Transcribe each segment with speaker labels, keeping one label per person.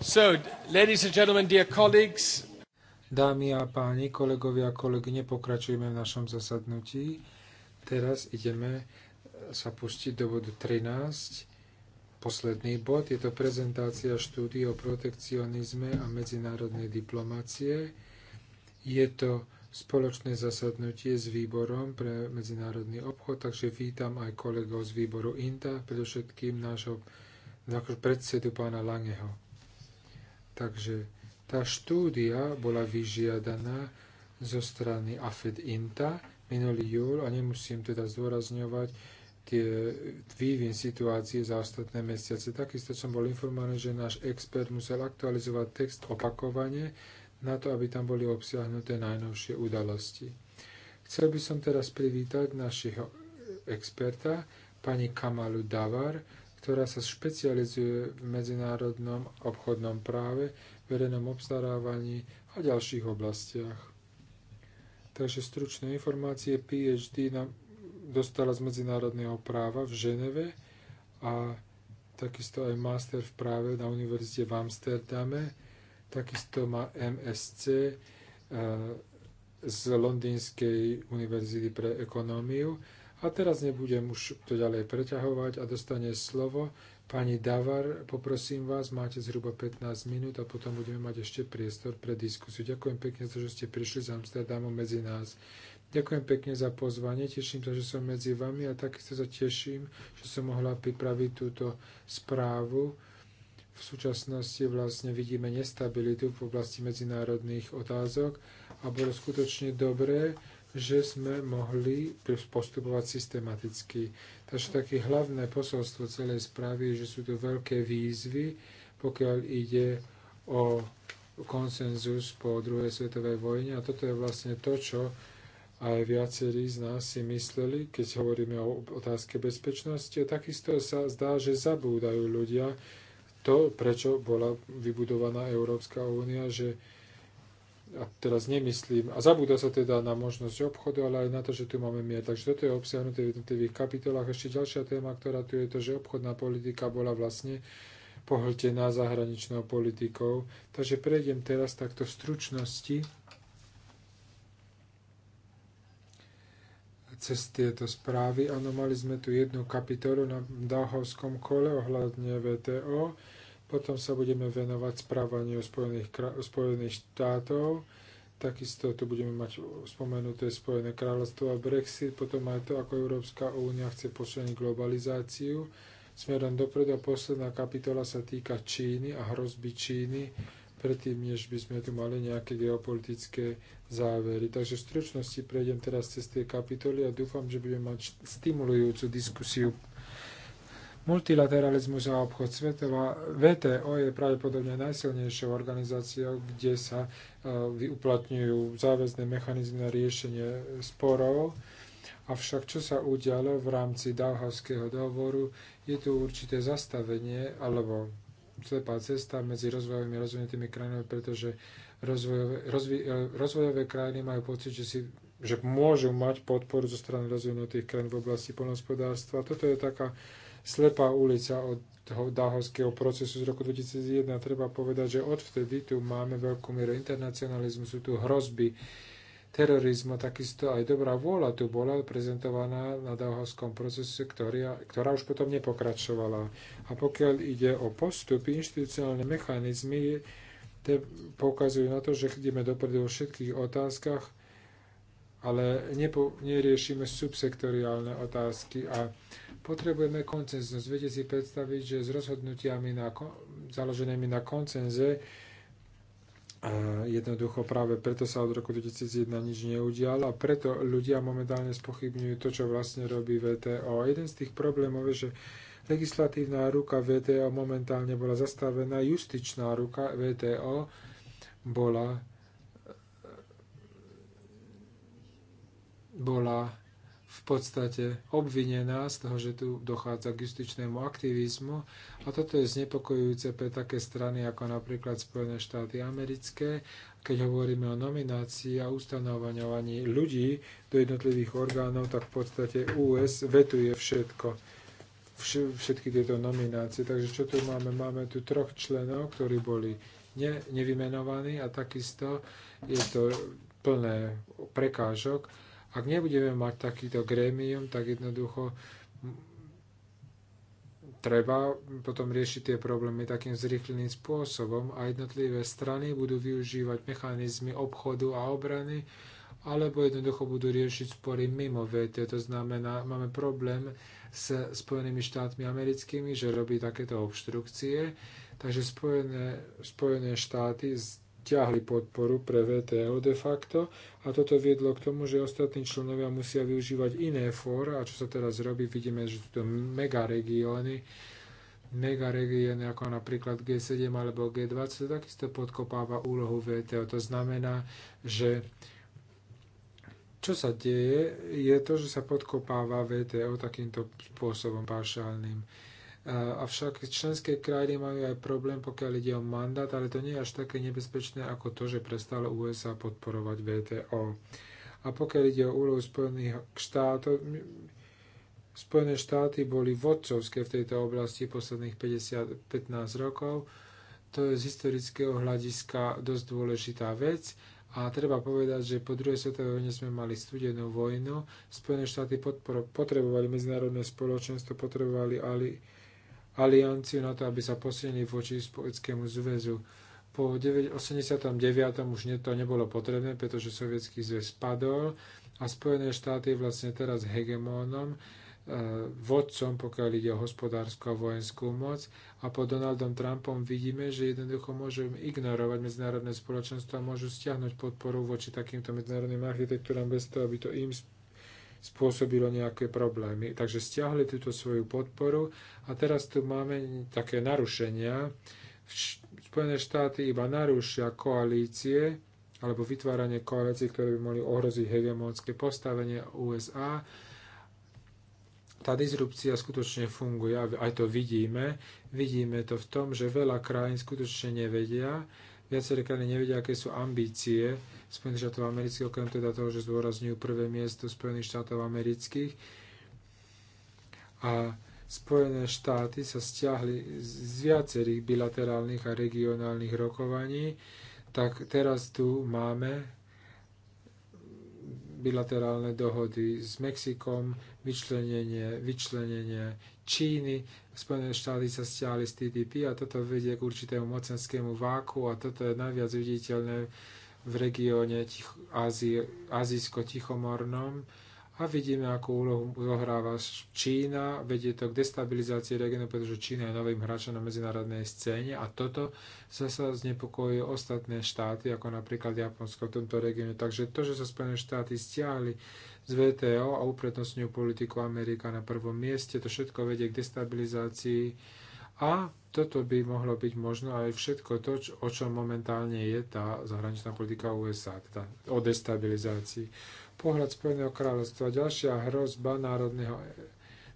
Speaker 1: So, ladies and gentlemen, dear colleagues. Dámy a páni, kolegovia a kolegyne, pokračujeme v našom zasadnutí. Teraz ideme e, sa pustiť do bodu 13. Posledný bod je to prezentácia štúdie o protekcionizme a medzinárodnej diplomácie. Je to spoločné zasadnutie s výborom pre medzinárodný obchod, takže vítam aj kolegov z výboru INTA, predovšetkým nášho predsedu pána Langeho. Takže tá štúdia bola vyžiadaná zo strany AFED INTA minulý júl a nemusím teda zdôrazňovať tie vývin situácie za ostatné mesiace. Takisto som bol informovaný, že náš expert musel aktualizovať text opakovane na to, aby tam boli obsiahnuté najnovšie udalosti. Chcel by som teraz privítať našich experta, pani Kamalu Davar ktorá sa špecializuje v medzinárodnom obchodnom práve, verejnom obstarávaní a ďalších oblastiach. Takže stručné informácie PhD nám dostala z medzinárodného práva v Ženeve a takisto aj master v práve na univerzite v Amsterdame, takisto má MSC eh, z Londýnskej univerzity pre ekonómiu a teraz nebudem už to ďalej preťahovať a dostane slovo pani Davar. Poprosím vás, máte zhruba 15 minút a potom budeme mať ešte priestor pre diskusiu. Ďakujem pekne za to, že ste prišli z Amsterdamu medzi nás. Ďakujem pekne za pozvanie, teším sa, že som medzi vami a takisto sa teším, že som mohla pripraviť túto správu. V súčasnosti vlastne vidíme nestabilitu v oblasti medzinárodných otázok a bolo skutočne dobré, že sme mohli postupovať systematicky. Takže také hlavné posolstvo celej správy je, že sú to veľké výzvy, pokiaľ ide o konsenzus po druhej svetovej vojne. A toto je vlastne to, čo aj viacerí z nás si mysleli, keď hovoríme o otázke bezpečnosti. A takisto sa zdá, že zabúdajú ľudia to, prečo bola vybudovaná Európska únia, že a teraz nemyslím, a zabúda sa teda na možnosť obchodu, ale aj na to, že tu máme mier. Takže toto je obsiahnuté v jednotlivých kapitolách. Ešte ďalšia téma, ktorá tu je to, že obchodná politika bola vlastne pohltená zahraničnou politikou. Takže prejdem teraz takto v stručnosti cez tieto správy. Áno, mali sme tu jednu kapitolu na Dahovskom kole ohľadne VTO potom sa budeme venovať správaniu Spojených, Spojených štátov. Takisto tu budeme mať spomenuté Spojené kráľovstvo a Brexit. Potom aj to, ako Európska únia chce posilniť globalizáciu. Smerom dopredu a posledná kapitola sa týka Číny a hrozby Číny, predtým, než by sme tu mali nejaké geopolitické závery. Takže v stručnosti prejdem teraz cez tie kapitoly a dúfam, že budeme mať stimulujúcu diskusiu Multilateralizmus a obchod svetová VTO je pravdepodobne najsilnejšou organizáciou, kde sa e, uplatňujú záväzné mechanizmy na riešenie sporov. Avšak čo sa udialo v rámci Dauhavského dohovoru, je tu určité zastavenie alebo slepá cesta medzi rozvojovými a rozvinutými krajinami, pretože rozvojové, rozvi, e, rozvojové krajiny majú pocit, že, si, že môžu mať podporu zo strany rozvinutých krajín v oblasti poľnohospodárstva. Toto je taká slepá ulica od toho dáhovského procesu z roku 2001. Treba povedať, že odvtedy tu máme veľkú mieru internacionalizmu, sú tu hrozby terorizmu, takisto aj dobrá vôľa tu bola prezentovaná na dáhovskom procese, ktorá, ktorá už potom nepokračovala. A pokiaľ ide o postupy, inštitucionálne mechanizmy, te poukazujú na to, že ideme dopredu vo všetkých otázkach, ale nepo, neriešime subsektoriálne otázky a potrebujeme koncenzus. Viete si predstaviť, že s rozhodnutiami na, založenými na koncenze a jednoducho práve preto sa od roku 2001 nič neudialo a preto ľudia momentálne spochybňujú to, čo vlastne robí VTO. A jeden z tých problémov je, že legislatívna ruka VTO momentálne bola zastavená, justičná ruka VTO bola bola v podstate obvinená z toho, že tu dochádza k justičnému aktivizmu a toto je znepokojujúce pre také strany ako napríklad Spojené štáty americké, keď hovoríme o nominácii a ustanovaní ľudí do jednotlivých orgánov, tak v podstate US vetuje všetko všetky tieto nominácie. Takže čo tu máme? Máme tu troch členov, ktorí boli ne, nevymenovaní a takisto je to plné prekážok ak nebudeme mať takýto grémium, tak jednoducho treba potom riešiť tie problémy takým zrýchleným spôsobom a jednotlivé strany budú využívať mechanizmy obchodu a obrany, alebo jednoducho budú riešiť spory mimo VT. To znamená, máme problém s Spojenými štátmi americkými, že robí takéto obštrukcie, takže Spojené, Spojené štáty ťahli podporu pre VTO de facto a toto viedlo k tomu, že ostatní členovia musia využívať iné fóra a čo sa teraz robí, vidíme, že sú to mega megaregióny ako napríklad G7 alebo G20, takisto podkopáva úlohu VTO. To znamená, že čo sa deje, je to, že sa podkopáva VTO takýmto spôsobom paršálnym. Avšak členské krajiny majú aj problém, pokiaľ ide o mandát, ale to nie je až také nebezpečné ako to, že prestalo USA podporovať VTO. A pokiaľ ide o úlohu Spojených štátov, Spojené štáty boli vodcovské v tejto oblasti posledných 50, 15 rokov. To je z historického hľadiska dosť dôležitá vec. A treba povedať, že po druhej svetovej vojne sme mali studenú vojnu. Spojené štáty potrebovali medzinárodné spoločenstvo, potrebovali ali- alianciu na to, aby sa posilnili voči Sovietskému zväzu. Po 89. už to nebolo potrebné, pretože Sovietský zväz padol a Spojené štáty vlastne teraz hegemónom, eh, vodcom, pokiaľ ide o hospodárskú a vojenskú moc. A pod Donaldom Trumpom vidíme, že jednoducho môžu ignorovať medzinárodné spoločenstvo a môžu stiahnuť podporu voči takýmto medzinárodným architektúram bez toho, aby to im spôsobilo nejaké problémy. Takže stiahli túto svoju podporu a teraz tu máme také narušenia. Spojené štáty iba narušia koalície alebo vytváranie koalícií, ktoré by mohli ohroziť hegemonské postavenie USA. Tá disrupcia skutočne funguje, aj to vidíme. Vidíme to v tom, že veľa krajín skutočne nevedia, Viaceré krajiny nevedia, aké sú ambície Spojených štátov amerických, okrem teda toho, že zdôrazňujú prvé miesto Spojených štátov amerických. A Spojené štáty sa stiahli z viacerých bilaterálnych a regionálnych rokovaní, tak teraz tu máme bilaterálne dohody s Mexikom, vyčlenenie, vyčlenenie Číny, Spojené štáty sa stiahli z TTP a toto vedie k určitému mocenskému váku a toto je najviac viditeľné v regióne Azijsko-Tichomornom. Ticho a vidíme, akú úlohu zohráva Čína. Vedie to k destabilizácii regionu, pretože Čína je novým hráčom na medzinárodnej scéne a toto sa sa znepokojuje ostatné štáty, ako napríklad Japonsko v tomto regióne. Takže to, že sa Spojené štáty stiahli z VTO a uprednostňujú politiku Amerika na prvom mieste, to všetko vedie k destabilizácii a toto by mohlo byť možno aj všetko to, o čom momentálne je tá zahraničná politika USA, teda o destabilizácii pohľad Spojeného kráľovstva. Ďalšia hrozba národného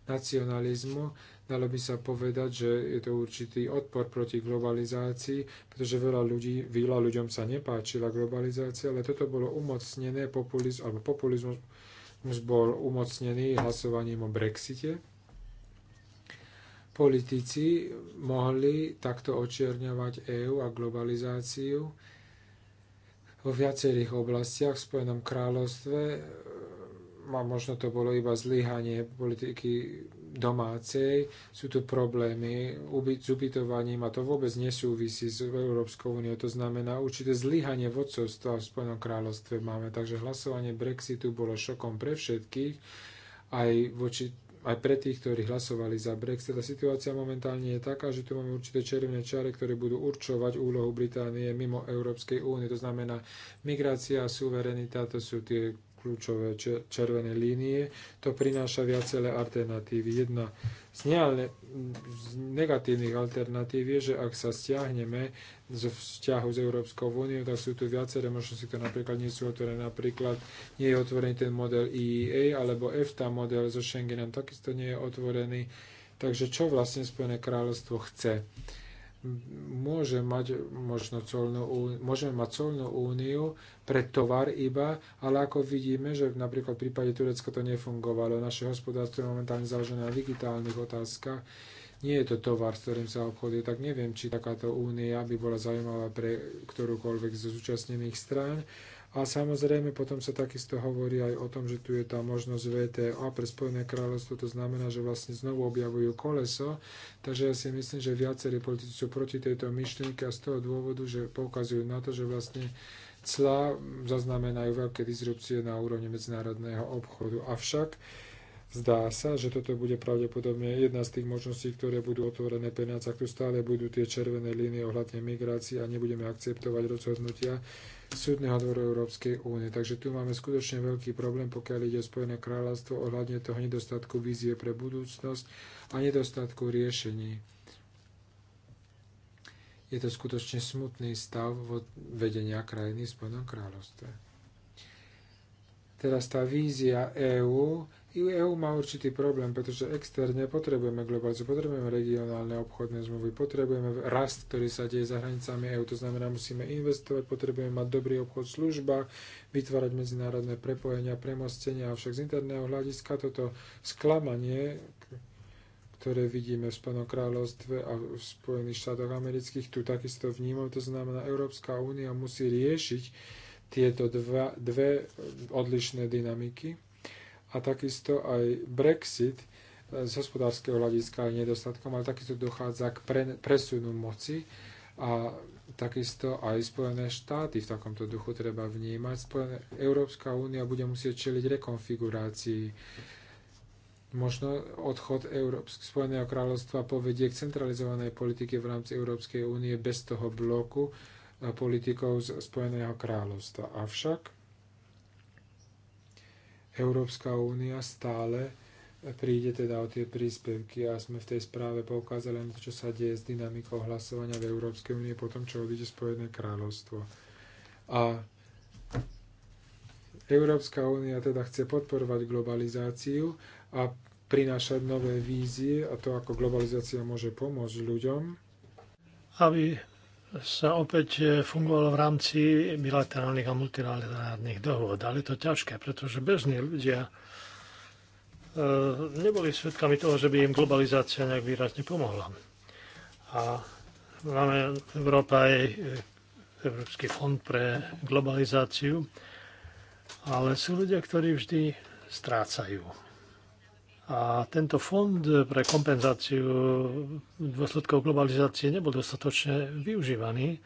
Speaker 1: nacionalizmu, dalo by sa povedať, že je to určitý odpor proti globalizácii, pretože veľa ľudí, veľa ľuďom sa nepáčila globalizácia, ale toto bolo umocnené, populiz, alebo populizmus bol umocnený hlasovaním o Brexite. Politici mohli takto očierňovať EÚ a globalizáciu, vo viacerých oblastiach v Spojenom kráľovstve. E, a možno to bolo iba zlyhanie politiky domácej. Sú tu problémy s ubytovaním a to vôbec nesúvisí s Európskou úniou. To znamená určité zlyhanie vodcovstva v Spojenom kráľovstve máme. Takže hlasovanie Brexitu bolo šokom pre všetkých aj voči aj pre tých, ktorí hlasovali za Brexit. A situácia momentálne je taká, že tu máme určité červené čare, ktoré budú určovať úlohu Británie mimo Európskej únie. To znamená, migrácia a suverenita, to sú tie kľúčové červené línie. To prináša viacelé alternatívy. Jedna z, ne- z negatívnych alternatív je, že ak sa stiahneme z vzťahu s Európskou úniou, tak sú tu viaceré možnosti, ktoré napríklad nie sú otvorené. Napríklad nie je otvorený ten model EEA alebo EFTA model so Schengenom, takisto nie je otvorený. Takže čo vlastne Spojené kráľovstvo chce? Môže mať možno colnú, môžeme mať colnú úniu pre tovar iba, ale ako vidíme, že napríklad v prípade Turecka to nefungovalo. Naše hospodárstvo je momentálne založené na digitálnych otázkach nie je to tovar, s ktorým sa obchoduje, tak neviem, či takáto únia by bola zaujímavá pre ktorúkoľvek zo zúčastnených strán. A samozrejme potom sa takisto hovorí aj o tom, že tu je tá možnosť VTO pre Spojené kráľovstvo, to znamená, že vlastne znovu objavujú koleso, takže ja si myslím, že viacerí politici sú proti tejto myšlienke a z toho dôvodu, že poukazujú na to, že vlastne clá zaznamenajú veľké disrupcie na úrovni medzinárodného obchodu. Avšak Zdá sa, že toto bude pravdepodobne jedna z tých možností, ktoré budú otvorené pre nás, ak tu stále budú tie červené línie ohľadne migrácie a nebudeme akceptovať rozhodnutia Súdneho dvoru Európskej únie. Takže tu máme skutočne veľký problém, pokiaľ ide o Spojené kráľovstvo ohľadne toho nedostatku vízie pre budúcnosť a nedostatku riešení. Je to skutočne smutný stav vedenia krajiny v Spojenom
Speaker 2: kráľovstve.
Speaker 1: Teraz tá vízia EÚ EU má určitý problém, pretože externe potrebujeme globalizu, potrebujeme regionálne obchodné zmluvy, potrebujeme rast, ktorý sa deje za hranicami EU, to znamená, musíme investovať, potrebujeme mať dobrý obchod v službách, vytvárať medzinárodné prepojenia, premostenia, avšak z interného hľadiska toto sklamanie, ktoré vidíme v Spojenom kráľovstve a v Spojených štátoch amerických, tu takisto vnímam, to znamená, Európska únia musí riešiť tieto dva, dve odlišné dynamiky a takisto aj Brexit e, z hospodárskeho hľadiska je nedostatkom, ale takisto dochádza k pre, presunu moci a takisto aj Spojené štáty v takomto duchu treba vnímať. Spojené, Európska únia bude musieť čeliť rekonfigurácii. Možno odchod Európsk, Spojeného kráľovstva povedie k centralizovanej politike v rámci Európskej únie bez toho bloku e, politikov z Spojeného kráľovstva. Avšak Európska únia stále príde teda o tie príspevky a sme v tej správe poukázali na to, čo sa deje s dynamikou hlasovania v Európskej únie po tom, čo odíde Spojené kráľovstvo. A Európska únia teda chce podporovať globalizáciu a prinášať nové vízie a to, ako globalizácia môže pomôcť ľuďom. Aby sa opäť e, fungovalo v rámci bilaterálnych a
Speaker 3: multilaterálnych dohôd. Ale je to ťažké, pretože bežní ľudia e, neboli svedkami toho, že by im globalizácia nejak výrazne pomohla. A máme v Európe aj e, Európsky fond pre globalizáciu, ale sú ľudia, ktorí vždy strácajú a tento fond pre kompenzáciu dôsledkov globalizácie nebol dostatočne využívaný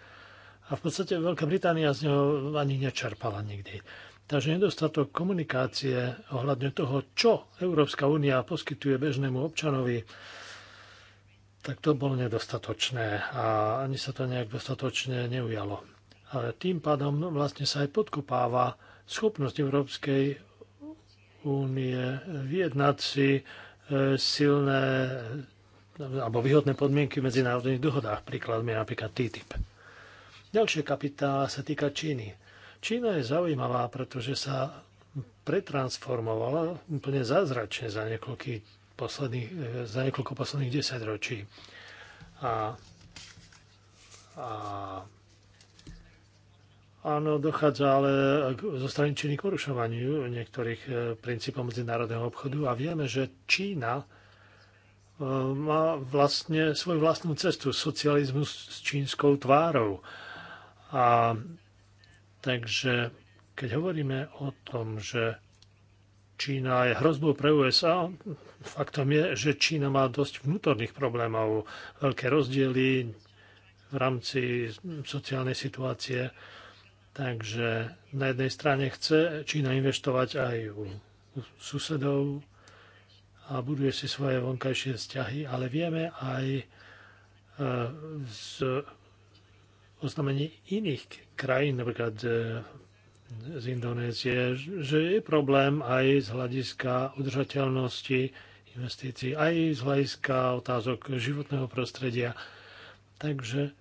Speaker 3: a v podstate Veľká Británia z neho ani nečerpala nikdy. Takže nedostatok komunikácie ohľadne toho, čo Európska únia poskytuje bežnému občanovi, tak to bolo nedostatočné a ani sa to nejak dostatočne neujalo. Ale tým pádom vlastne sa aj podkopáva schopnosť Európskej únie vyjednať si e, silné alebo výhodné podmienky v medzinárodných dohodách. Príkladmi napríklad TTIP. Ďalšia kapitola sa týka Číny. Čína je zaujímavá, pretože sa pretransformovala úplne zázračne za, posledných, e, za niekoľko posledných desaťročí. A, a Áno, dochádza ale zo zostraničení k porušovaniu niektorých e, princípov medzinárodného obchodu a vieme, že Čína e, má vlastne svoju vlastnú cestu, socializmus s čínskou tvárou. A takže keď hovoríme o tom, že Čína je hrozbou pre USA, faktom je, že Čína má dosť vnútorných problémov, veľké rozdiely v rámci sociálnej situácie Takže na jednej strane chce Čína investovať aj u susedov a buduje si svoje vonkajšie vzťahy, ale vieme aj e, z oznamení iných krajín, napríklad e, z Indonézie, že je problém aj z hľadiska udržateľnosti investícií, aj z hľadiska otázok životného prostredia. Takže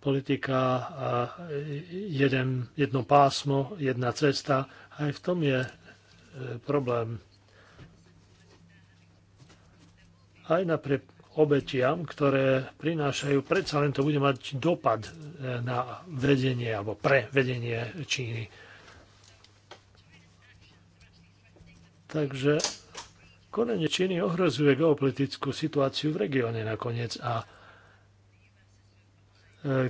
Speaker 3: politika a jeden, jedno pásmo, jedna cesta. Aj v tom je e, problém. Aj napriek obetiam, ktoré prinášajú, predsa len to bude mať dopad e, na vedenie alebo pre vedenie Číny. Takže konanie Číny ohrozuje geopolitickú situáciu v regióne nakoniec a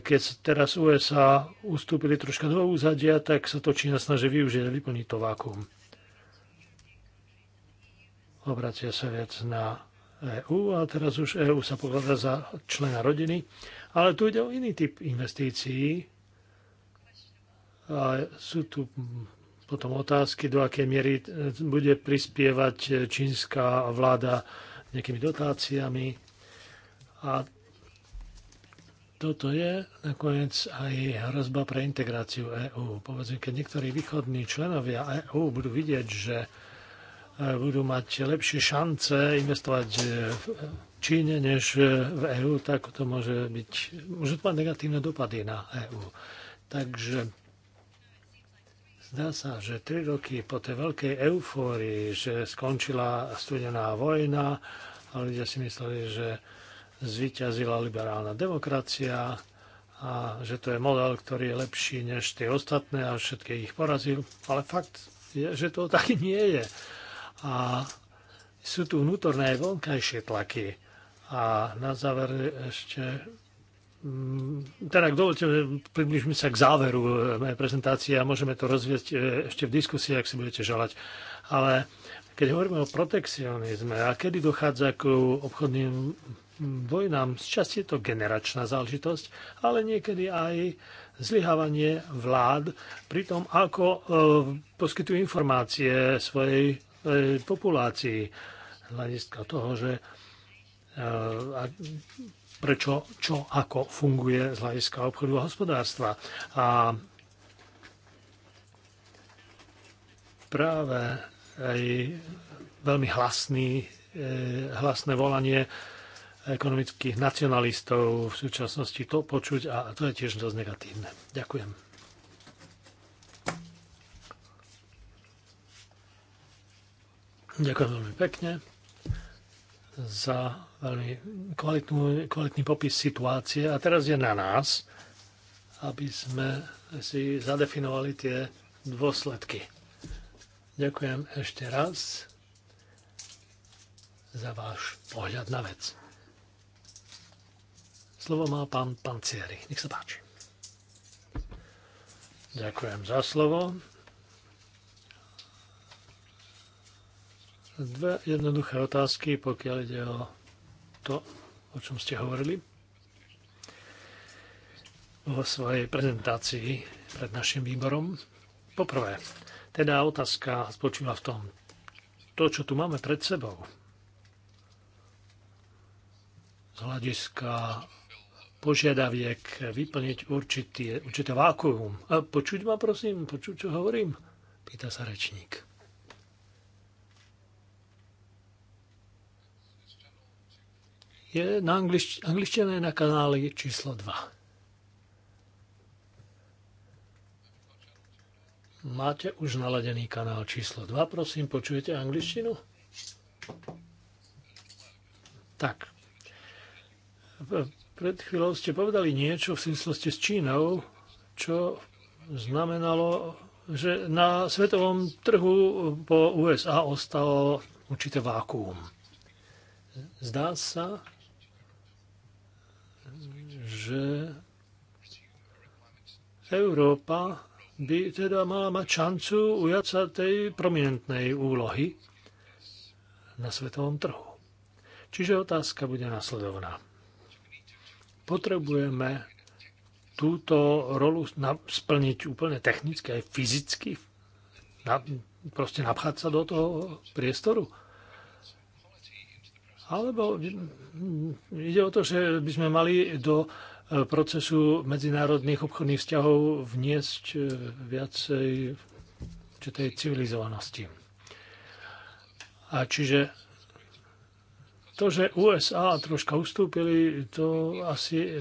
Speaker 3: keď teraz USA ustúpili troška do úzadia, tak sa to Čína snaží využiť a vyplniť to vákuum. Obracia sa viac na EU a teraz už EU sa pokladá za člena rodiny. Ale tu ide o iný typ investícií. A sú tu potom otázky, do akej miery e, bude prispievať čínska vláda nejakými dotáciami. A toto je nakoniec aj hrozba pre integráciu EÚ. Povedzme, keď niektorí východní členovia EÚ budú vidieť, že e, budú mať lepšie šance investovať e, v Číne než e, v EÚ, tak to môže, byť, môže to mať negatívne dopady na EÚ. Takže zdá sa, že tri roky po tej veľkej eufórii, že skončila studená vojna a ľudia si mysleli, že zvíťazila liberálna demokracia a že to je model, ktorý je lepší než tie ostatné a všetky ich porazil. Ale fakt je, že to tak nie je. A sú tu vnútorné aj vonkajšie tlaky. A na záver ešte... Mm, teda, ak dovolte, približme sa k záveru mojej prezentácie a môžeme to rozvieť e, ešte v diskusii, ak si budete želať. Ale keď hovoríme o protekcionizme a kedy dochádza k obchodným vojnám. Z časti je to generačná záležitosť, ale niekedy aj zlyhávanie vlád pri tom, ako e, poskytujú informácie svojej e, populácii. Hľadiska toho, že e, prečo, čo, ako funguje z hľadiska obchodu a hospodárstva. A práve aj veľmi hlasný, hlasné volanie ekonomických nacionalistov v súčasnosti to počuť a to je tiež dosť negatívne. Ďakujem. Ďakujem veľmi pekne za veľmi kvalitnú, kvalitný popis situácie a teraz je na nás, aby sme si zadefinovali tie dôsledky. Ďakujem ešte raz za váš pohľad na vec. Slovo má pán Pancieri. Nech sa páči. Ďakujem za slovo. Dve jednoduché otázky, pokiaľ ide o to, o čom ste hovorili vo svojej prezentácii pred našim výborom. Poprvé, teda otázka spočíva v tom, to, čo tu máme pred sebou, z hľadiska požiadaviek vyplniť určitý, určité vákuum. A počuť ma, prosím? Počuť, čo hovorím? Pýta sa rečník. Je na anglič- angličtine na kanáli číslo 2. Máte už naladený kanál číslo 2, prosím, počujete angličtinu? Tak, pred chvíľou ste povedali niečo v súvislosti s Čínou, čo znamenalo, že na svetovom trhu po USA ostalo určité vákuum. Zdá sa, že Európa by teda mala mať šancu ujať sa tej prominentnej úlohy na svetovom trhu. Čiže otázka bude nasledovná potrebujeme túto rolu splniť úplne technicky aj fyzicky? Na, proste napchať sa do toho priestoru? Alebo ide o to, že by sme mali do e, procesu medzinárodných obchodných vzťahov vniesť e, viacej tej civilizovanosti. A čiže to, že USA troška ustúpili, to asi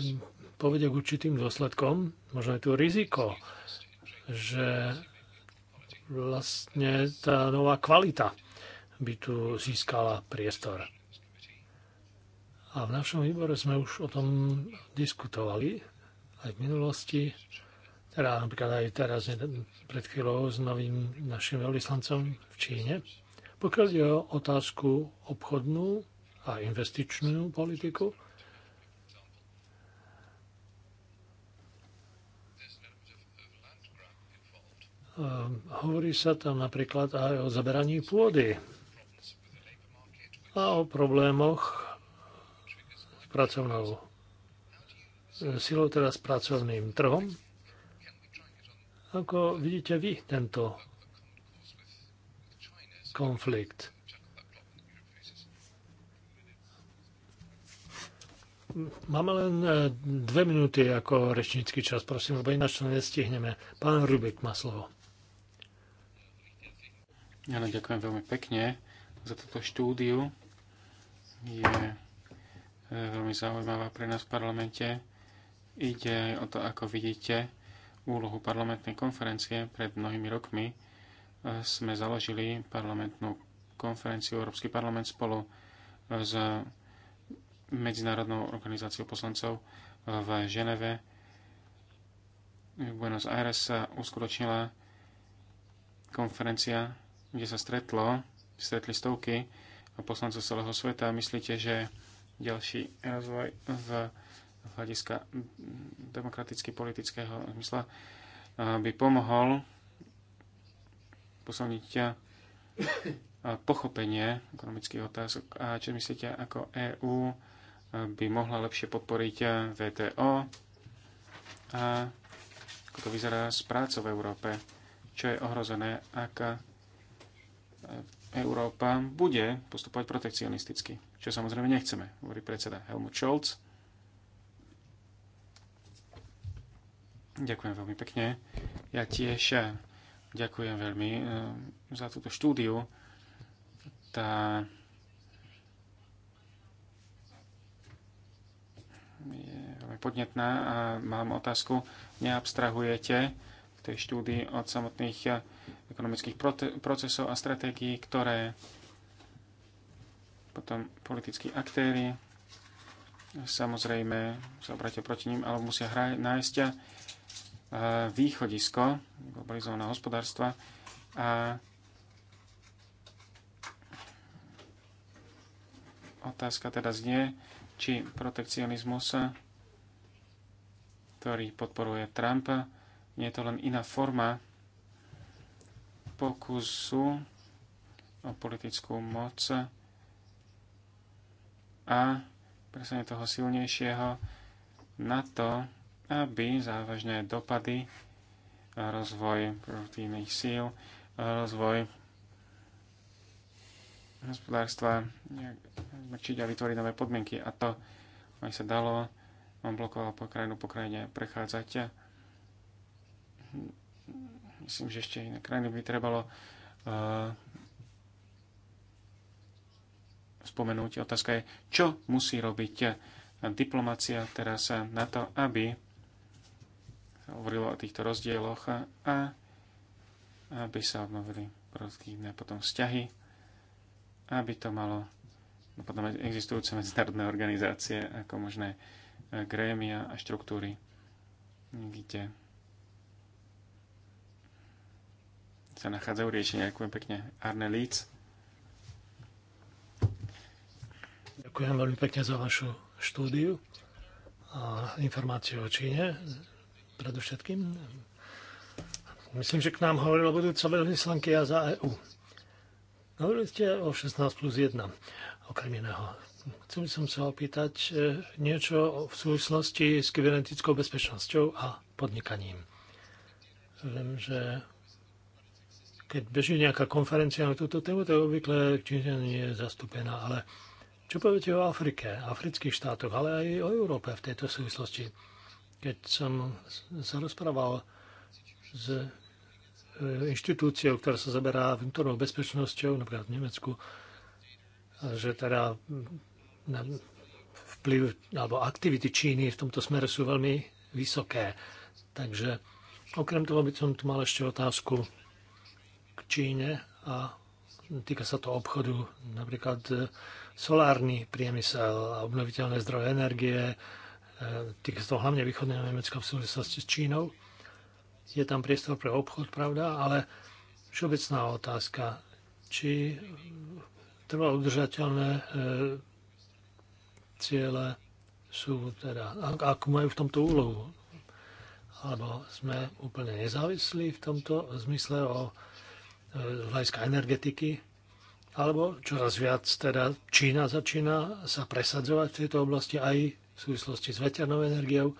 Speaker 3: povedie k určitým dôsledkom. Možno je tu riziko, že vlastne tá nová kvalita by tu získala priestor. A v našom výbore sme už o tom diskutovali aj v minulosti. Teda napríklad aj teraz, pred chvíľou s novým našim veľvyslancom v Číne. Pokiaľ je o otázku obchodnú, a investičnú politiku. Hovorí sa tam napríklad aj o zaberaní pôdy a o problémoch s pracovnou silou, teda s pracovným trhom. Ako vidíte vy tento konflikt? Máme len e, dve minúty ako rečnícky čas, prosím, lebo ináč to nestihneme. Pán Rubik má slovo.
Speaker 2: Ja ďakujem veľmi pekne za toto štúdiu. Je e, veľmi zaujímavá pre nás v parlamente. Ide o to, ako vidíte úlohu parlamentnej konferencie. Pred mnohými rokmi e, sme založili parlamentnú konferenciu Európsky parlament spolu s Medzinárodnou organizáciou poslancov v Ženeve. V Buenos Aires sa uskutočnila konferencia, kde sa stretlo, stretli stovky poslancov celého sveta. Myslíte, že ďalší rozvoj v hľadiska demokraticky politického zmysla by pomohol posilniť pochopenie ekonomických otázok a čo myslíte, ako EÚ by mohla lepšie podporiť eh, VTO a ako to vyzerá s prácou v Európe, čo je ohrozené, ak eh, Európa bude postupovať protekcionisticky, čo samozrejme nechceme, hovorí predseda Helmut Scholz. Ďakujem veľmi pekne. Ja tiež eh, ďakujem veľmi za túto štúdiu. Tá je veľmi podnetná a mám otázku, neabstrahujete v tej štúdii od samotných eh, ekonomických procesov a stratégií, ktoré potom politickí aktéry samozrejme sa obratia proti ním, ale musia hrať nájsť eh, východisko globalizovaného hospodárstva a otázka teda znie, či protekcionizmus, ktorý podporuje Trump, nie je to len iná forma pokusu o politickú moc a presne toho silnejšieho na to, aby závažné dopady a rozvoj protivných síl, rozvoj hospodárstva zmrčiť a vytvoriť nové podmienky. A to aj sa dalo, on blokoval po krajinu po krajine prechádzať. Myslím, že ešte iné krajiny by trebalo uh, spomenúť. Otázka je, čo musí robiť diplomácia teraz na to, aby hovorilo o týchto rozdieloch a aby sa obnovili produktívne potom vzťahy aby to malo potom existujúce medzinárodné organizácie ako možné e, grémia a štruktúry, kde sa nachádzajú riešenia. Ďakujem pekne. Arne Líc.
Speaker 3: Ďakujem veľmi pekne za vašu štúdiu a informáciu o Číne predovšetkým. Myslím, že k nám hovorila budúca A za EU. Hovorili ste o 16 plus 1, okrem iného. Chcel by som sa opýtať e, niečo v súvislosti s kybernetickou bezpečnosťou a podnikaním. Viem, že keď beží nejaká konferencia na túto tému, to je obvykle Číňa nie je zastúpená, ale čo poviete o Afrike, afrických štátoch, ale aj o Európe v tejto súvislosti? Keď som sa rozprával s E, inštitúciou, ktorá sa zaberá vnútornou bezpečnosťou, napríklad v Nemecku, že teda vplyv alebo aktivity Číny v tomto smere sú veľmi vysoké. Takže okrem toho by som tu mal ešte otázku k Číne a týka sa to obchodu, napríklad e, solárny priemysel a obnoviteľné zdroje energie, e, týka sa to hlavne východného Nemecka v súvislosti s Čínou je tam priestor pre obchod, pravda, ale všeobecná otázka, či trvá udržateľné e, ciele sú teda, ak, majú v tomto úlohu, alebo sme úplne nezávislí v tomto zmysle o e, hľadiska energetiky, alebo čoraz viac teda Čína začína sa presadzovať v tejto oblasti aj v súvislosti s veternou energiou,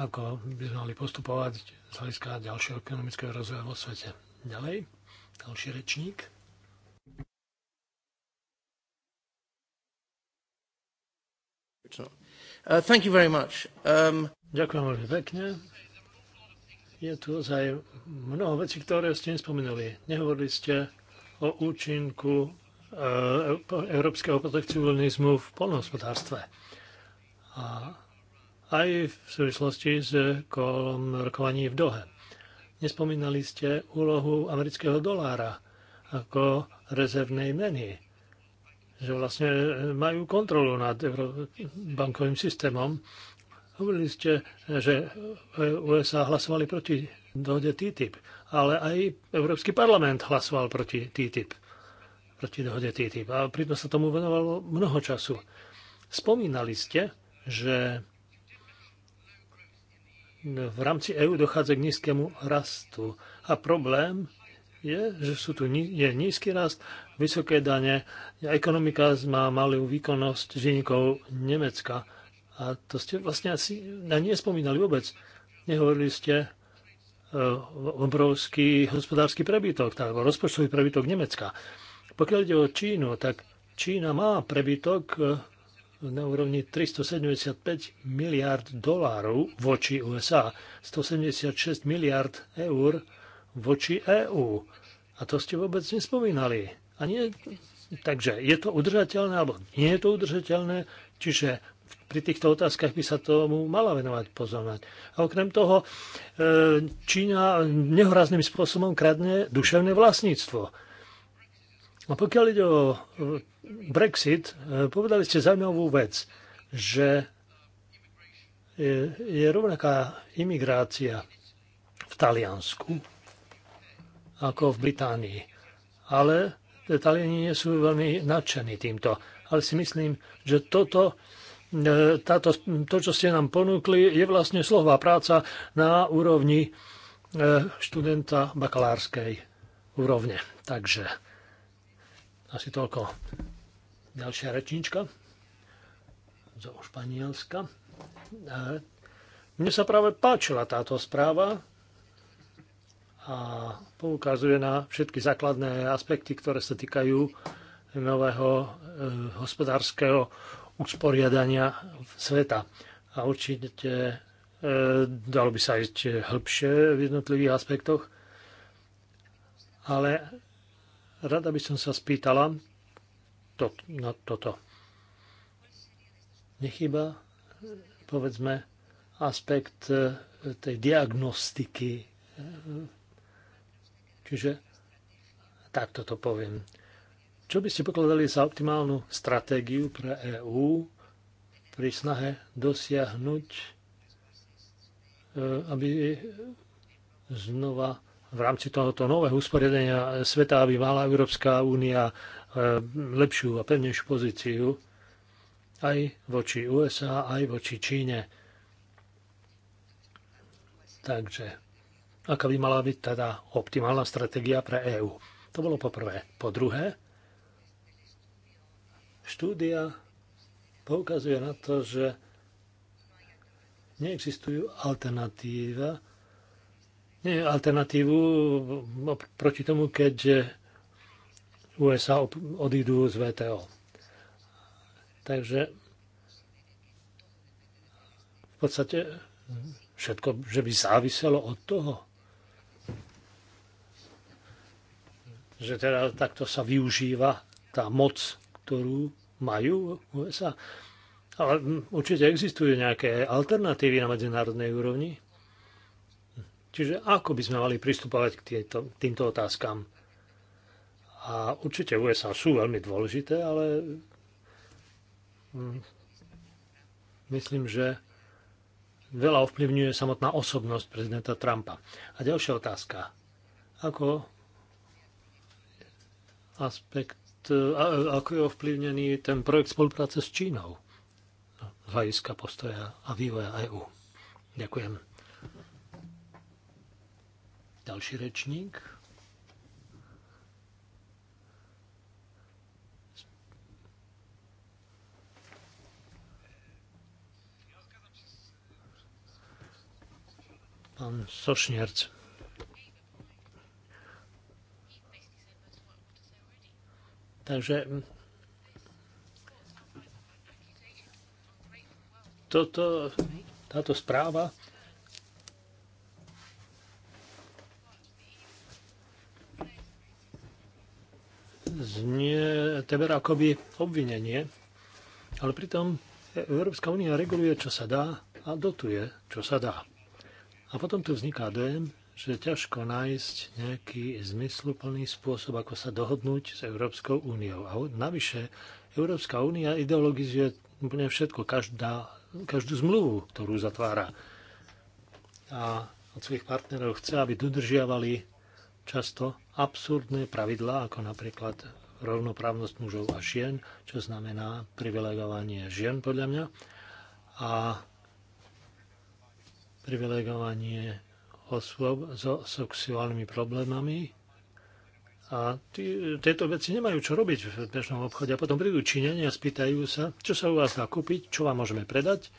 Speaker 3: ako by sme mali postupovať z hľadiska ďalšieho ekonomického rozvoja vo svete. Ďalej, ďalší rečník. Uh, thank you very much. Um... Ďakujem veľmi pekne. Je tu ozaj mnoho vecí, ktoré ste nespomenuli. Nehovorili ste o účinku uh, európskeho protekcionizmu v polnohospodárstve. A aj v súvislosti s kolom rokovaní v Dohe. Nespomínali ste úlohu amerického dolára ako rezervnej meny, že vlastne majú kontrolu nad bankovým systémom. Hovorili ste, že USA hlasovali proti dohode TTIP, ale aj Európsky parlament hlasoval proti TTIP, proti dohode TTIP. A pritom sa tomu venovalo mnoho času. Spomínali ste, že v rámci EÚ dochádza k nízkemu rastu. A problém je, že sú tu je nízky rast, vysoké dane, ekonomika má malú výkonnosť žinikov Nemecka. A to ste vlastne asi na nie spomínali vôbec. Nehovorili ste e, obrovský hospodársky prebytok, alebo rozpočtový prebytok Nemecka. Pokiaľ ide o Čínu, tak Čína má prebytok e, na úrovni 375 miliard dolárov voči USA, 176 miliard eur voči EÚ. A to ste vôbec nespomínali. A nie, takže je to udržateľné alebo nie je to udržateľné, čiže pri týchto otázkach by sa tomu mala venovať pozornosť. A okrem toho, e, Čína nehorazným spôsobom kradne duševné vlastníctvo. A pokiaľ ide o Brexit, e, povedali ste zaujímavú vec, že je, je rovnaká imigrácia v Taliansku ako v Británii. Ale Taliani nie sú veľmi nadšení týmto. Ale si myslím, že toto, e, táto, to, čo ste nám ponúkli, je vlastne slová práca na úrovni e, študenta bakalárskej úrovne. Takže asi toľko. Ďalšia rečnička zo Španielska. E, mne sa práve páčila táto správa a poukazuje na všetky základné aspekty, ktoré sa týkajú nového e, hospodárskeho usporiadania sveta. A určite e, dalo by sa ísť hĺbšie v jednotlivých aspektoch, ale Rada by som sa spýtala to, na toto. Nechýba, povedzme, aspekt e, tej diagnostiky. Čiže takto to poviem. Čo by ste pokladali za optimálnu stratégiu pre EÚ pri snahe dosiahnuť, e, aby znova v rámci tohoto nového usporiadania sveta, aby mala Európska únia e, lepšiu a pevnejšiu pozíciu aj voči USA, aj voči Číne. Takže, aká by mala byť teda optimálna stratégia pre EÚ? To bolo poprvé. Po druhé, štúdia poukazuje na to, že neexistujú alternatíva nie alternatívu no, proti tomu, keď USA odídu z VTO. Takže v podstate všetko, že by záviselo od toho, že teda takto sa využíva tá moc, ktorú majú USA. Ale určite existujú nejaké alternatívy na medzinárodnej úrovni. Čiže ako by sme mali pristupovať k tieto, týmto otázkam? A určite USA sú veľmi dôležité, ale mm, myslím, že veľa ovplyvňuje samotná osobnosť prezidenta Trumpa. A ďalšia otázka. Ako aspekt, ako je ovplyvnený ten projekt spolupráce s Čínou z hľadiska postoja a vývoja EÚ? Ďakujem. Ďalší rečník. Pán Sošnierc. Takže hm, toto, táto správa teber akoby obvinenie, ale pritom Európska únia reguluje, čo sa dá a dotuje, čo sa dá. A potom tu vzniká dojem, že ťažko nájsť nejaký zmysluplný spôsob, ako sa dohodnúť s Európskou úniou. A navyše, Európska únia ideologizuje úplne všetko, každá, každú zmluvu, ktorú zatvára. A od svojich partnerov chce, aby dodržiavali často absurdné pravidlá, ako napríklad rovnoprávnosť mužov a žien, čo znamená privilegovanie žien podľa mňa a privilegovanie osôb so sexuálnymi problémami. A tí, tieto veci nemajú čo robiť v bežnom obchode. A potom prídu Číňania a spýtajú sa, čo sa u vás dá kúpiť, čo vám môžeme predať.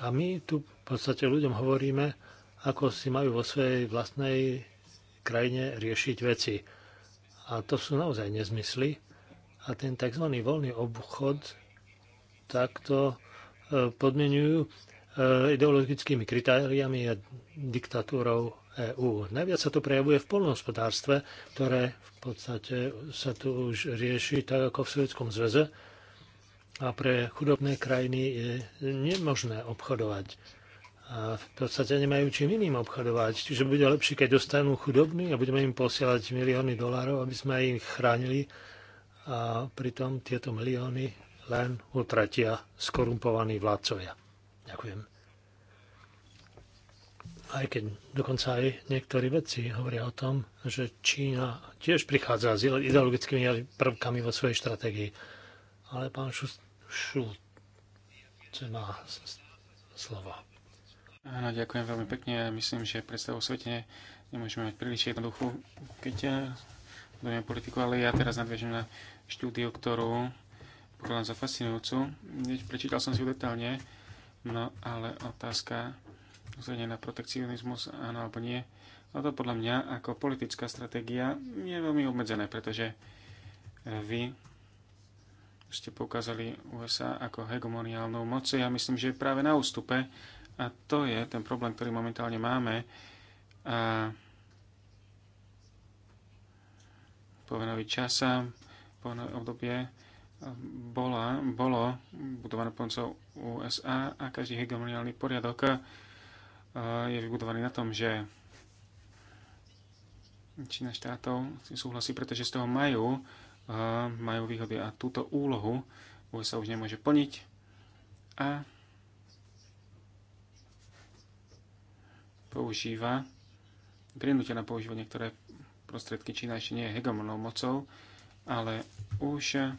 Speaker 3: A my tu v podstate ľuďom hovoríme, ako si majú vo svojej vlastnej krajine riešiť veci. A to sú naozaj nezmysly. A ten tzv. voľný obchod takto e, podmienujú e, ideologickými kritériami a diktatúrou EÚ. Najviac sa to prejavuje v polnohospodárstve, ktoré v podstate sa tu už rieši tak ako v Sovjetskom zväze a pre chudobné krajiny je nemožné obchodovať a v podstate nemajú čím iným obchodovať. Čiže bude lepšie, keď dostanú chudobní a budeme im posielať milióny dolárov, aby sme ich chránili a pritom tieto milióny len utratia skorumpovaní vládcovia. Ďakujem. Aj keď dokonca aj niektorí vedci hovoria o tom, že Čína tiež prichádza s ideologickými prvkami vo svojej stratégii. Ale pán Šulce má slova.
Speaker 2: Áno, ďakujem veľmi pekne. Myslím, že predstavu o svete nemôžeme mať príliš jednoduchú, keď eh, budeme politiku, ale ja teraz nadviažem na štúdiu, ktorú pokladám za fascinujúcu. Prečítal som si ju detálne, no ale otázka zvedenie na protekcionizmus, áno alebo nie. A to podľa mňa ako politická stratégia je veľmi obmedzené, pretože vy ste poukázali USA ako hegemoniálnu moci Ja myslím, že práve na ústupe a to je ten problém, ktorý momentálne máme. A povenovi časa, povenové obdobie bola, bolo budované pomocou USA a každý hegemoniálny poriadok e, je vybudovaný na tom, že Čína štátov súhlasí, pretože z toho majú, e, majú výhody a túto úlohu USA už nemôže plniť a používa, prinútená používa niektoré prostriedky. Čína ešte nie je hegemonou mocou, ale už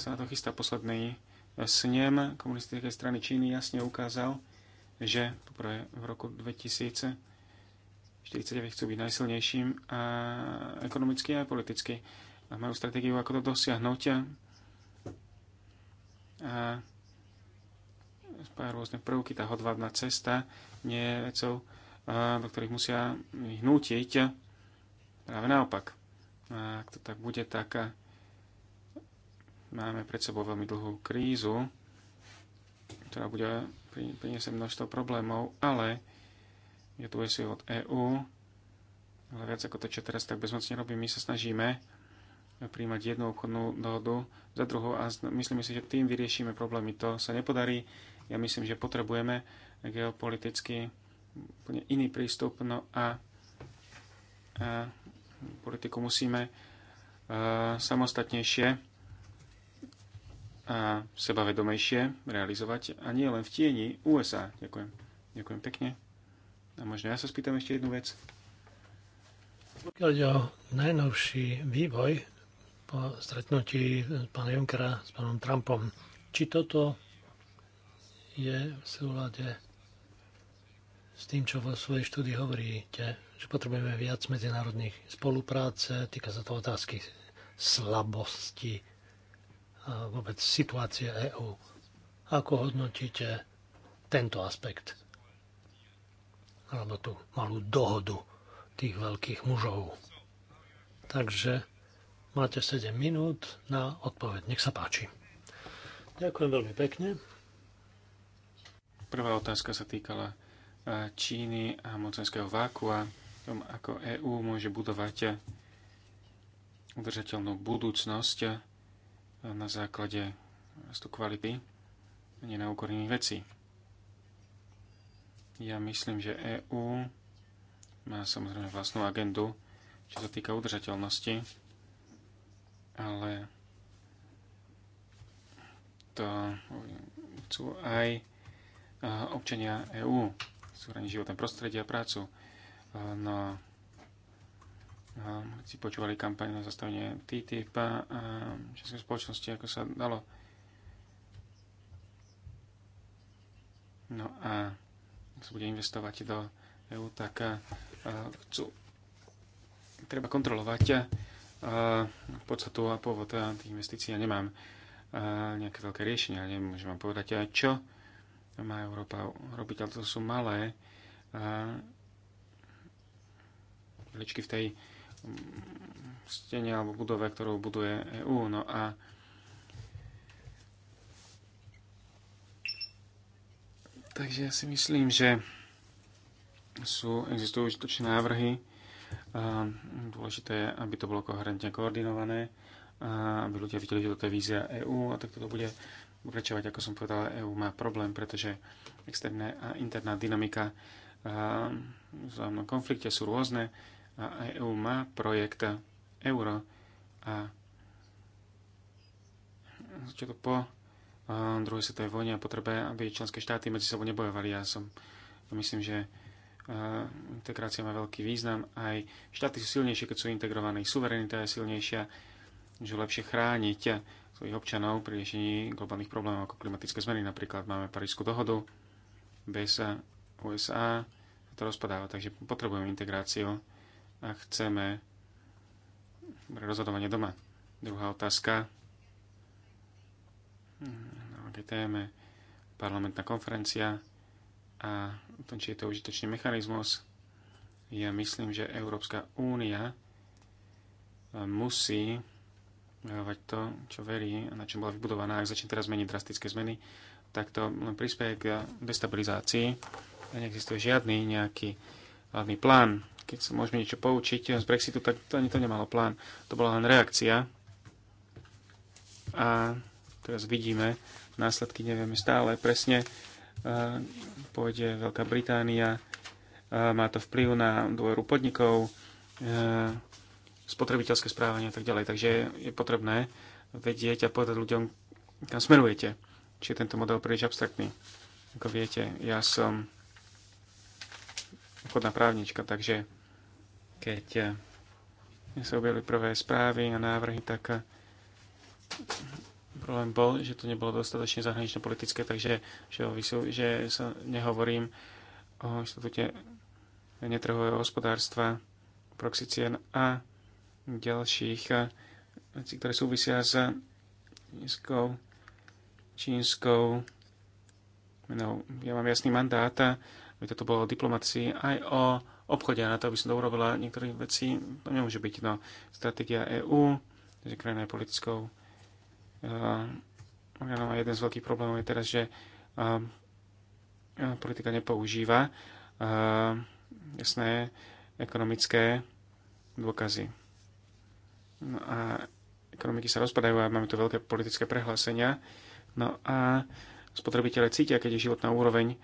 Speaker 2: sa to chystá posledný snem komunistickej strany Číny jasne ukázal, že poprvé v roku 2049 chcú byť najsilnejším a ekonomicky a politicky. A majú stratégiu, ako to dosiahnuť. a spája rôzne prvky, tá hodvábna cesta nie je vecou, do ktorých musia ich nútiť. Práve naopak. A ak to tak bude, tak máme pred sebou veľmi dlhú krízu, ktorá bude priniesť množstvo problémov, ale je tu si od EÚ, ale viac ako to, čo teraz tak bezmocne robí, my sa snažíme príjmať jednu obchodnú dohodu za druhou a myslíme si, že tým vyriešime problémy. To sa nepodarí, ja myslím, že potrebujeme geopoliticky úplne iný prístup. No a, a politiku musíme a, e, samostatnejšie a sebavedomejšie realizovať a nie len v tieni USA. Ďakujem. Ďakujem pekne. A možno ja sa spýtam ešte jednu vec.
Speaker 3: Pokiaľ o najnovší vývoj po stretnutí pána Junckera s pánom Trumpom, či toto je v súlade s tým, čo vo svojej štúdii hovoríte, že potrebujeme viac medzinárodných spolupráce, týka sa to otázky slabosti a vôbec situácie EÚ. Ako hodnotíte tento aspekt? Alebo tú malú dohodu tých veľkých mužov. Takže máte 7 minút na odpoveď. Nech sa páči. Ďakujem veľmi pekne.
Speaker 2: Prvá otázka sa týkala e, Číny a mocenského vákua, tom, ako EÚ môže budovať udržateľnú budúcnosť na základe rastu kvality, a nie na úkor iných vecí. Ja myslím, že EÚ má samozrejme vlastnú agendu, čo sa týka udržateľnosti, ale to chcú aj občania EÚ, súhraní životné prostredie a prácu. No, si počúvali kampaň na zastavenie TTIP a českej spoločnosti, ako sa dalo. No a ak sa bude investovať do EÚ, tak chcú treba kontrolovať podstatu a pôvod tých investícií. Ja nemám nejaké veľké riešenia, nemôžem vám povedať, čo to má Európa robiť, ale to sú malé veličky v tej mm, stene alebo budove, ktorú buduje EÚ. No a Takže ja si myslím, že sú, existujú užitočné návrhy. Dôležité je, aby to bolo koherentne koordinované, aby ľudia videli, že toto je vízia EÚ a tak toto bude pokračovať. Ako som povedal, EÚ má problém, pretože externá a interná dynamika v zájomnom konflikte sú rôzne a EÚ má projekt euro a čo to po druhej svetovej vojne a potrebe, aby členské štáty medzi sebou nebojovali. Ja som myslím, že integrácia má veľký význam. Aj štáty sú silnejšie, keď sú integrované. Suverenita je silnejšia, že lepšie chrániť svojich občanov pri riešení globálnych problémov ako klimatické zmeny. Napríklad máme Parísku dohodu bez USA, to rozpadáva, takže potrebujeme integráciu a chceme rozhodovanie doma. Druhá otázka. Na téme? Parlamentná konferencia a o tom, či je to užitočný mechanizmus. Ja myslím, že Európska únia musí veď to, čo verí, na čom bola vybudovaná, ak začne teraz meniť drastické zmeny, tak to len prispieje k destabilizácii. A neexistuje žiadny nejaký hlavný plán. Keď sa môžeme niečo poučiť z Brexitu, tak to ani to nemalo plán. To bola len reakcia. A teraz vidíme následky, nevieme stále presne. Pôjde Veľká Británia, má to vplyv na dôveru podnikov, spotrebiteľské správanie a tak ďalej. Takže je potrebné vedieť a povedať ľuďom, kam smerujete. Či je tento model príliš abstraktný. Ako viete, ja som obchodná právnička, takže keď sa objavili prvé správy a návrhy, tak problém bol, že to nebolo dostatočne zahranično politické, takže že, že sa nehovorím o inštitúte netrhového hospodárstva, proxy cien a ďalších eh, vecí, ktoré súvisia s čínskou, čínskou menou. ja mám jasný mandát, eh, aby toto bolo o diplomácii aj o obchode. na to, aby som to urobila niektorých vecí, to nemôže byť. No, stratégia EÚ, že krajina je politickou uh, no, jeden z veľkých problémov je teraz, že uh, politika nepoužíva uh, jasné ekonomické dôkazy. No a ekonomiky sa rozpadajú a máme tu veľké politické prehlásenia. No a spotrebitelia cítia, keď je životná úroveň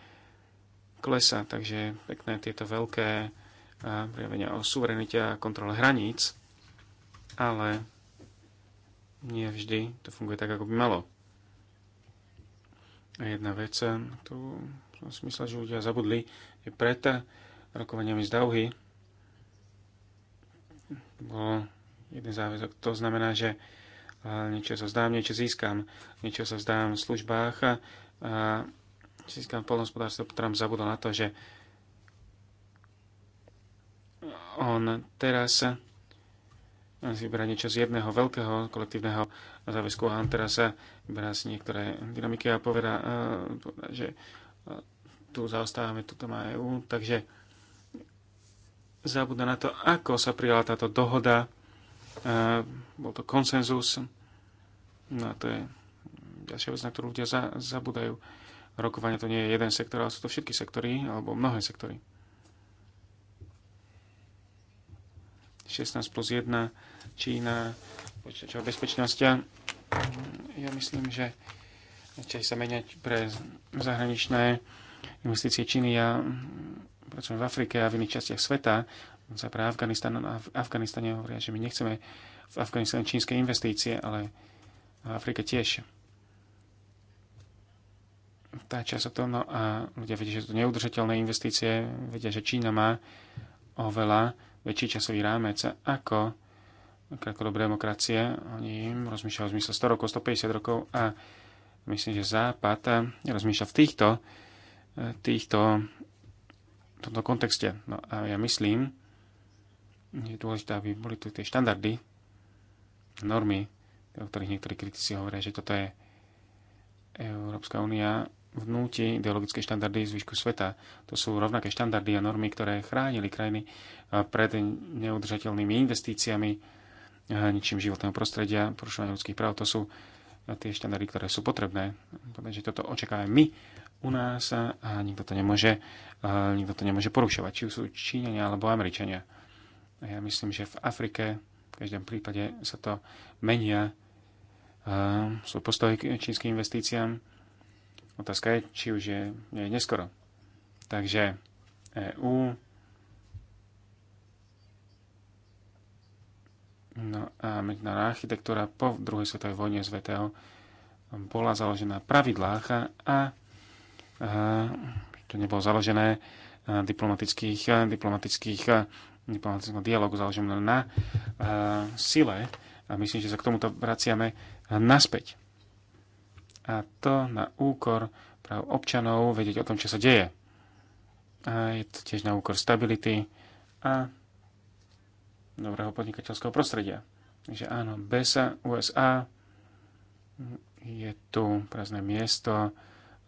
Speaker 2: klesa. Takže pekné tieto veľké prejavenia o suverenite a kontrole hraníc, ale nie vždy to funguje tak, ako by malo. A jedna vec, tu som si myslel, že ľudia zabudli, je preta rokovaniami z Dauhy bolo jeden záväzok. To znamená, že e, niečo sa vzdám, niečo získam. Niečo sa vzdám v službách a, získam v potom zabudol na to, že on teraz si vyberá niečo z jedného veľkého kolektívneho záväzku a on teraz sa vyberá z niektoré dynamiky a povedá, e, že e, tu zaostávame, tu má EU, takže zabudne na to, ako sa prijala táto dohoda Eh, bol to konsenzus. No a to je ďalšia vec, na ktorú ľudia za, zabudajú. Rokovania to nie je jeden sektor, ale sú to všetky sektory, alebo mnohé sektory. 16 plus 1 Čína, počítačová bezpečnosť. Ja myslím, že Čech sa meniať pre zahraničné investície Číny. Ja pracujem v Afrike a v iných častiach sveta za pre Afganistan. Af- Afganistane hovoria, že my nechceme v Afganistane čínske investície, ale v Afrike tiež. Tá časť o tom, no a ľudia vedia, že sú to neudržateľné investície, vedia, že Čína má oveľa väčší časový rámec ako krátkodobé demokracie. Oni rozmýšľajú v zmysle 100 rokov, 150 rokov a myslím, že Západ rozmýšľa v týchto, týchto v tomto kontexte. No a ja myslím, je dôležité, aby boli tu tie štandardy, normy, o ktorých niektorí kritici hovoria, že toto je Európska únia vnúti ideologické štandardy zvyšku sveta. To sú rovnaké štandardy a normy, ktoré chránili krajiny pred neudržateľnými investíciami, ničím životného prostredia, porušovania ľudských práv. To sú tie štandardy, ktoré sú potrebné. že toto očakávame my u nás a nikto to nemôže, nikto to nemôže porušovať, či sú Číňania alebo Američania. A ja myslím, že v Afrike v každom prípade sa to menia. Uh, sú postoje k čínskym investíciám. Otázka je, či už je, je neskoro. Takže EU. No a medzinárodná architektúra po druhej svetovej vojne z VTO bola založená na pravidlách a, a, a to nebolo založené na diplomatických, diplomatických diplomatického dialogu založeného na uh, sile. A myslím, že sa k tomuto vraciame eh, naspäť. A to na úkor práv občanov vedieť o tom, čo sa deje. A je to tiež na úkor stability a dobrého podnikateľského prostredia. Takže áno, bez USA je tu prázdne miesto eh,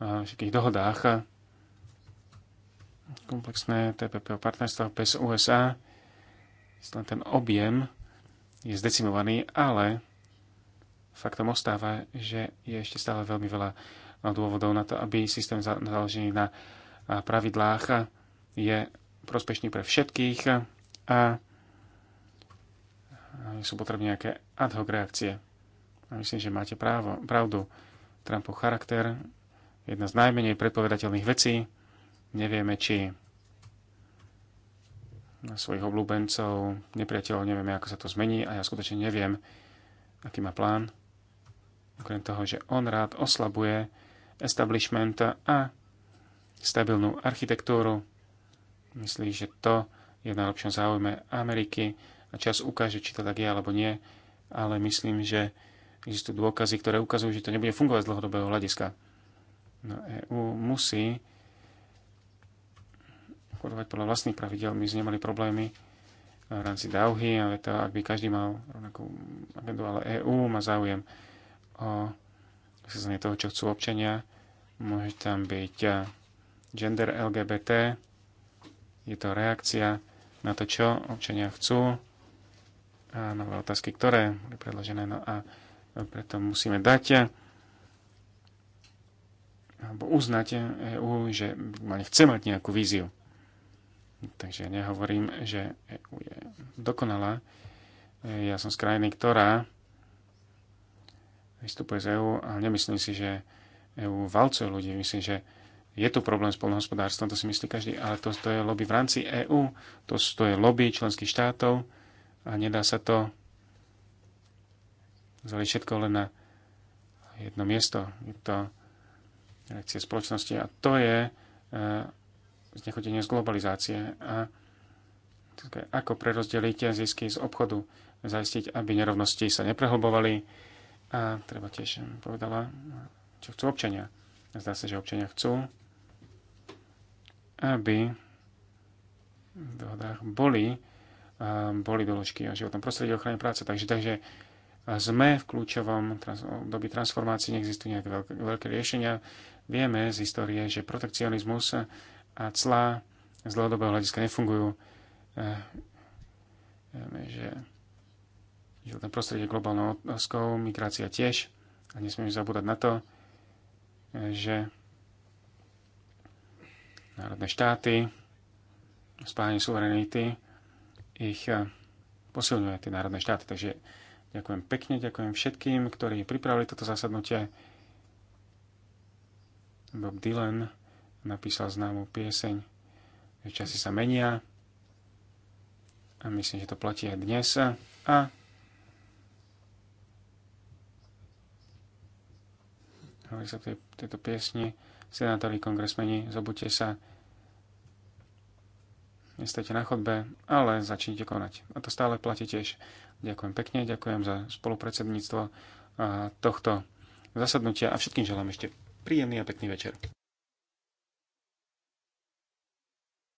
Speaker 2: v všetkých dohodách komplexné TPP o partnerstvách bez USA, len ten objem je zdecimovaný, ale faktom ostáva, že je ešte stále veľmi veľa dôvodov na to, aby systém založený na pravidlách je prospešný pre všetkých a sú potrebné nejaké ad hoc reakcie. A myslím, že máte právo, pravdu. Trumpov charakter, jedna z najmenej predpovedateľných vecí, nevieme, či na svojich obľúbencov, nepriateľov, nevieme, ako sa to zmení a ja skutočne neviem, aký má plán. Okrem toho, že on rád oslabuje establishment a stabilnú architektúru. Myslí, že to je v najlepšom záujme Ameriky a čas ukáže, či to tak je alebo nie, ale myslím, že existujú dôkazy, ktoré ukazujú, že to nebude fungovať z dlhodobého hľadiska. No, EU musí obchodovať podľa vlastných pravidel. My sme nemali problémy v rámci Dauhy, ale to, ak by každý mal rovnakú agendu, ale EÚ má záujem o vysvetlenie toho, čo chcú občania. Môže tam byť gender LGBT, je to reakcia na to, čo občania chcú a nové otázky, ktoré boli predložené. No a preto musíme dať alebo uznať EÚ, že chce mať nejakú víziu. Takže ja nehovorím, že EU je dokonalá. Ja som z krajiny, ktorá vystupuje z EU ale nemyslím si, že EU valcuje ľudí. Myslím, že je tu problém s polnohospodárstvom, to si myslí každý, ale to, to je lobby v rámci EÚ, to, to je lobby členských štátov a nedá sa to zvaliť všetko len na jedno miesto. Je to reakcie spoločnosti a to je e, znechutenie z globalizácie a také, ako prerozdeliť zisky z obchodu, zaistiť, aby nerovnosti sa neprehlbovali a treba tiež povedala, čo chcú občania. Zdá sa, že občania chcú, aby v dohodách boli, boli doložky o životnom prostredí, ochrany práce. Takže, takže sme v kľúčovom období transformácie, neexistujú nejaké veľké riešenia. Vieme z histórie, že protekcionizmus a clá z dlhodobého hľadiska nefungujú. Vieme, eh, eh, že životné prostredie globálnou otázkou, migrácia tiež. A nesmieme zabúdať na to, eh, že národné štáty, spájanie suverenity, ich posilňuje tie národné štáty. Takže ďakujem pekne, ďakujem všetkým, ktorí pripravili toto zasadnutie. Bob Dylan napísal známu pieseň, že časy sa menia a myslím, že to platí aj dnes. A hovorí sa tej, tejto piesni, senátori, kongresmeni, zobudte sa, nestajte na chodbe, ale začnite konať. A to stále platí tiež. Ďakujem pekne, ďakujem za spolupredsedníctvo tohto zasadnutia a všetkým želám ešte príjemný a pekný večer.